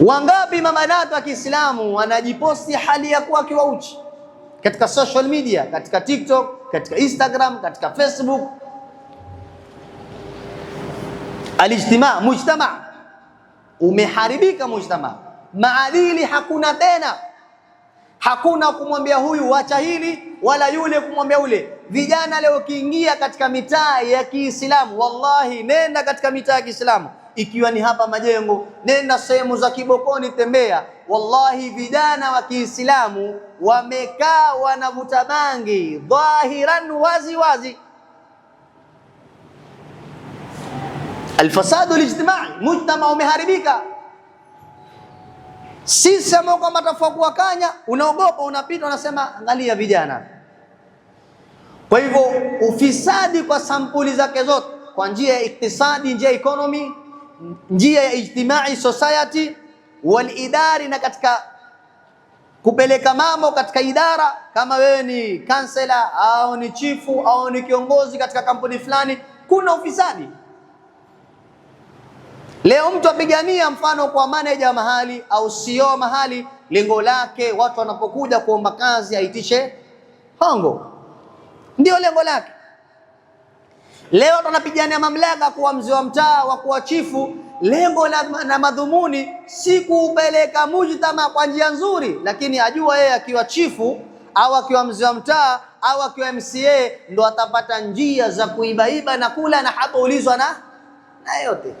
Wangapi mama wa Kiislamu wanajiposti hali ya kuwa kiwauchi katika social media, katika TikTok, katika Instagram, katika Facebook. alijtima mujtama umeharibika, mujtama maadili hakuna tena, hakuna kumwambia huyu wacha hili wala yule kumwambia ule Vijana leo kiingia katika mitaa ya Kiislamu, wallahi, nenda katika mitaa ya Kiislamu, ikiwa ni hapa Majengo, nenda sehemu za Kibokoni, tembea, wallahi, vijana wa Kiislamu wamekaa wanavuta bangi dhahiran, wazi wazi. Alfasadu alijtimai, mujtama umeharibika. Sisi ambao kwamba tafakuwa kanya, unaogopa unapita, unasema angalia vijana kwa hivyo ufisadi kwa sampuli zake zote, kwa njia ya iktisadi, njia ya economy, njia ya ijtimai society wal idari na katika kupeleka mambo katika idara. Kama wewe ni kansela au ni chifu au ni kiongozi katika kampuni fulani, kuna ufisadi. Leo mtu apigania mfano kwa maneja wa mahali au CEO mahali, lengo lake watu wanapokuja kuomba kazi aitishe hongo ndio lengo lake. Leo wanapigania mamlaka kuwa mzee wa mtaa wa kuwa chifu, lengo na, na madhumuni si kuupeleka mujtama kwa njia nzuri, lakini ajua yeye akiwa chifu au akiwa mzee wa mtaa au akiwa MCA ndo atapata njia za kuibaiba na kula na hapo ulizwa na na yote.